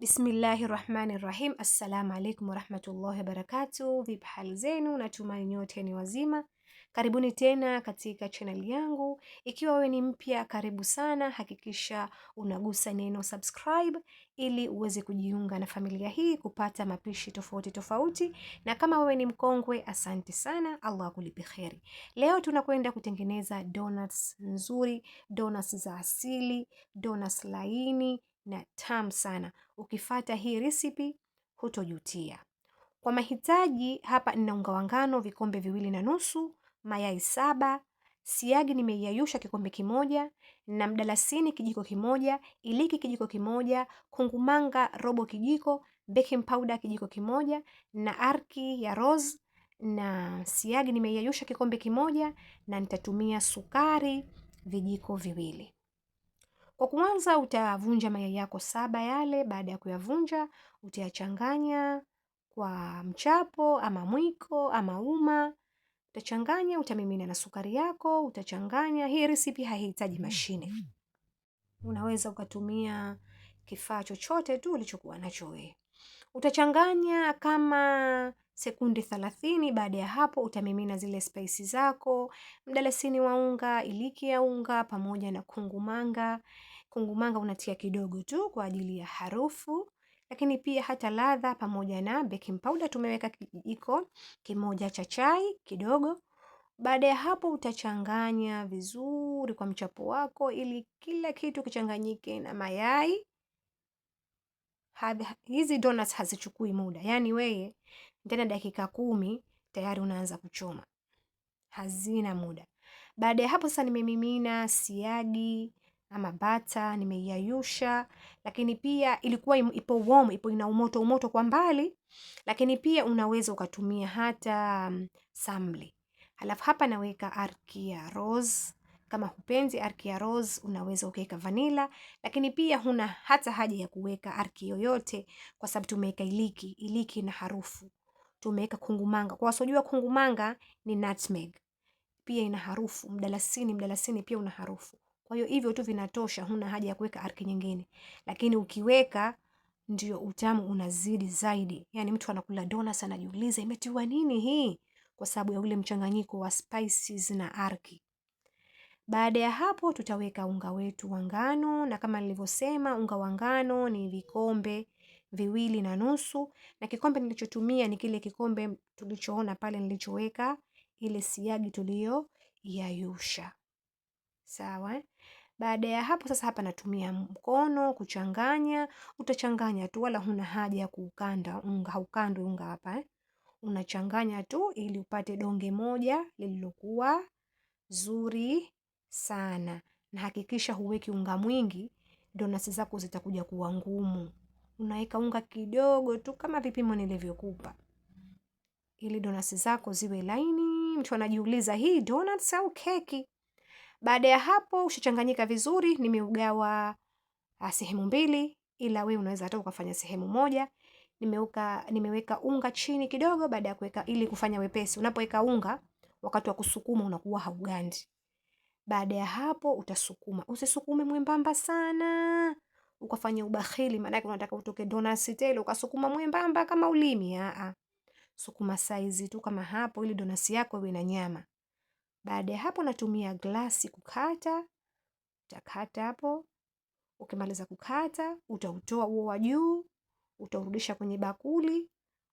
Bismillahi rahmani rahim. Assalamu alaikum warahmatullahi wabarakatu. Vipi hali zenu? Natumai nyote ni wazima. Karibuni tena katika chaneli yangu. Ikiwa wewe ni mpya, karibu sana. Hakikisha unagusa neno subscribe ili uweze kujiunga na familia hii kupata mapishi tofauti tofauti, na kama wewe ni mkongwe, asante sana, Allah akulipe kheri. Leo tunakwenda kutengeneza donuts nzuri, donuts za asili, donuts laini na tamu sana. Ukifata hii recipe hutojutia. Kwa mahitaji hapa nina unga wa ngano vikombe viwili na nusu, mayai saba, siagi nimeiayusha kikombe kimoja, na mdalasini kijiko kimoja, iliki kijiko kimoja, kungumanga robo kijiko, baking powder kijiko kimoja, na arki ya rose na siagi nimeiayusha kikombe kimoja na nitatumia sukari vijiko viwili. Kwa kuanza utavunja mayai yako saba yale, baada ya kuyavunja utayachanganya kwa mchapo ama mwiko ama uma, utachanganya, utamimina na sukari yako, utachanganya. Hii recipe haihitaji mm-hmm. mashine, mm-hmm. unaweza ukatumia kifaa chochote tu ulichokuwa nacho wewe. Utachanganya kama sekunde 30 baada ya hapo utamimina zile spices zako, mdalasini wa unga, iliki ya unga pamoja na kungumanga. Kungumanga unatia kidogo tu kwa ajili ya harufu, lakini pia hata ladha pamoja na baking powder tumeweka kijiko kimoja cha chai kidogo. Baada ya hapo utachanganya vizuri kwa mchapo wako ili kila kitu kichanganyike na mayai hizi donuts hazichukui muda, yaani weye ndani ya dakika kumi tayari unaanza kuchoma, hazina muda. Baada ya hapo sasa, nimemimina siagi ama bata, nimeiayusha, lakini pia ilikuwa ipo warm, ipo ina umoto umoto kwa mbali, lakini pia unaweza ukatumia hata um, samli. Halafu hapa naweka arki ya rose kama hupenzi arki ya rose, unaweza ukaweka vanilla, lakini pia huna hata haja ya kuweka arki yoyote, kwa sababu tumeweka iliki. Iliki na harufu. Tumeweka kungumanga, kwa wasiojua kungumanga ni nutmeg, pia ina harufu. Mdalasini, mdalasini pia una harufu. Kwa hiyo hivyo tu vinatosha, huna haja ya kuweka arki nyingine, lakini ukiweka ndio utamu unazidi zaidi. Yani mtu anakula dona sana, anajiuliza imetiwa nini hii, kwa sababu ya ule mchanganyiko wa spices na arki. Baada ya hapo tutaweka unga wetu wa ngano na kama nilivyosema unga wa ngano ni vikombe viwili na nusu na kikombe nilichotumia ni kile kikombe tulichoona pale nilichoweka ile siagi tuliyoyayusha. Sawa? Baada ya hapo sasa hapa natumia mkono kuchanganya, utachanganya tu wala huna haja ya kuukanda unga, haukandwi unga hapa eh. Unachanganya tu ili upate donge moja lililokuwa zuri sana, na hakikisha huweki unga mwingi, donasi zako zitakuja kuwa ngumu. Unaweka unga kidogo tu kama vipimo nilivyokupa, ili donasi zako ziwe laini. Mtu anajiuliza hii donuts au keki? Baada ya hapo ushachanganyika vizuri, nimeugawa ah, sehemu mbili, ila we unaweza hata ukafanya sehemu moja. Nimeuka, nimeweka unga chini kidogo, baada ya kuweka ili kufanya wepesi. Unapoweka unga wakati wa kusukuma unakuwa haugandi. Baada ya hapo utasukuma, usisukume mwembamba sana ukafanya ubahili maanake unataka utoke donasi tele ukasukuma mwembamba kama ulimi. Aa, sukuma saizi tu kama hapo, ili donasi yako iwe na nyama. Baada ya hapo natumia glasi kukata, utakata hapo. Ukimaliza kukata, utautoa huo wa juu, utaurudisha kwenye bakuli,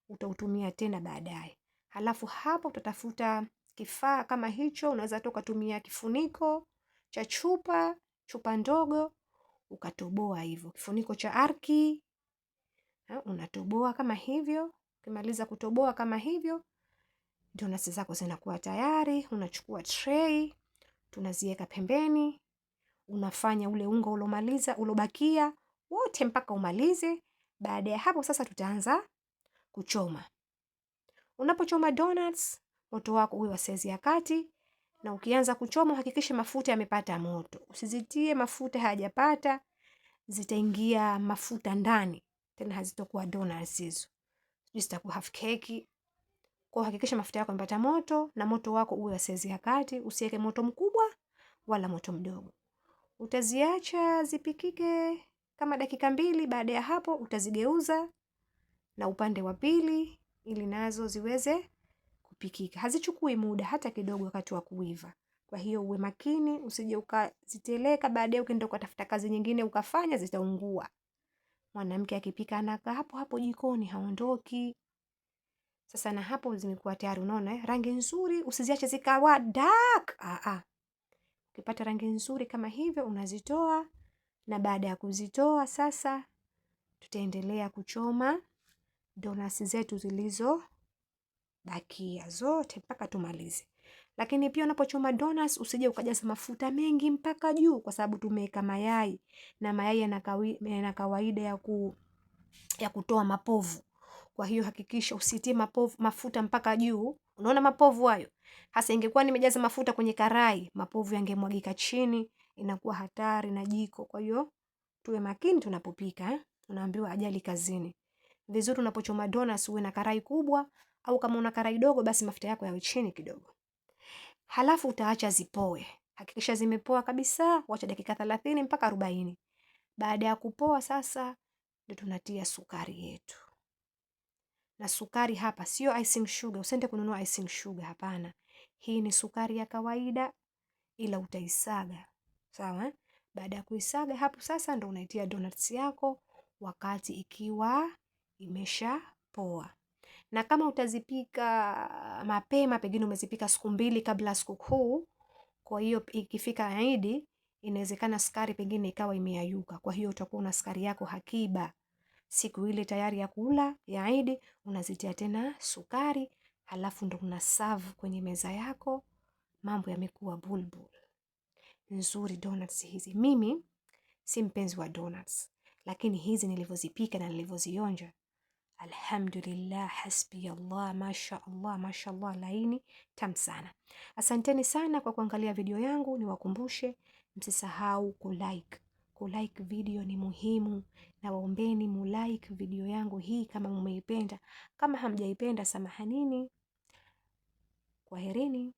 utautumia tena baadaye. Halafu hapo utatafuta kifaa kama hicho, unaweza tu ukatumia kifuniko cha chupa, chupa ndogo ukatoboa hivyo, kifuniko cha arki unatoboa kama hivyo. Ukimaliza kutoboa kama hivyo, ndio nasi zako zinakuwa tayari. Unachukua trei, tunaziweka pembeni, unafanya ule unga ulomaliza ulobakia wote mpaka umalize. Baada ya hapo sasa, tutaanza kuchoma. Unapochoma donuts moto wako uwe wa sezi ya kati, na ukianza kuchoma hakikisha mafuta yamepata moto, usizitie mafuta hayajapata, zitaingia mafuta ndani tena, hazitokuwa donuts hizo, zitakuwa half cake. Kwa hakikisha mafuta yako yamepata moto na moto wako uwe wa sezi ya kati, usiweke moto mkubwa wala moto mdogo. Utaziacha zipikike kama dakika mbili. Baada ya hapo, utazigeuza na upande wa pili ili nazo ziweze kupikika. Hazichukui muda hata kidogo wakati wa kuiva. Kwa hiyo uwe makini, usije ukaziteleka baadaye ukaenda ukatafuta kazi nyingine ukafanya, zitaungua. Mwanamke akipika anakaa hapo hapo jikoni, haondoki. Sasa na hapo zimekuwa tayari, unaona eh? Rangi nzuri, usiziache zikawa dark. Ah ah. Ukipata rangi nzuri kama hivyo unazitoa, na baada ya kuzitoa sasa tutaendelea kuchoma donasi zetu zilizo bakia zote mpaka tumalize. Lakini pia unapochoma donuts usije ukajaza mafuta mengi mpaka juu, kwa sababu tumeweka mayai na mayai yana kawaida ya, ku, ya kutoa mapovu. Kwa hiyo hakikisha usitie mapovu, mafuta mpaka juu. Unaona mapovu hayo hasa. Ingekuwa nimejaza mafuta kwenye karai, mapovu yangemwagika chini, inakuwa hatari na jiko. Kwa hiyo tuwe makini tunapopika eh? Unaambiwa ajali kazini. Vizuri, unapochoma donuts uwe na karai kubwa au kama una karai dogo, basi mafuta yako yawe chini kidogo, halafu utaacha zipoe. Hakikisha zimepoa kabisa, wacha dakika thelathini mpaka arobaini. Baada ya kupoa sasa, ndio tunatia sukari yetu, na sukari hapa sio icing sugar. usiende kununua icing sugar, hapana. Hii ni sukari ya kawaida, ila utaisaga sawa. Eh? Baada ya kuisaga hapo sasa, ndio unaitia donuts yako wakati ikiwa imesha poa na kama utazipika mapema, pengine umezipika siku mbili kabla sikukuu, kwa hiyo ikifika Idi inawezekana sukari pengine ikawa imeayuka. Kwa hiyo utakuwa una sukari yako hakiba, siku ile tayari ya kula ya Idi unazitia tena sukari, halafu ndo una serve kwenye meza yako. Mambo yamekuwa bulbul nzuri. Donuts hizi, mimi si mpenzi wa donuts, lakini hizi nilivyozipika na nilivyozionja Alhamdulillah, hasbi Allah, masha Allah, masha Allah, laini tam sana. Asanteni sana kwa kuangalia video yangu. Niwakumbushe, msisahau ku like video ni muhimu, na waombeni like video yangu hii kama mumeipenda. Kama hamjaipenda, samahanini, kwaherini.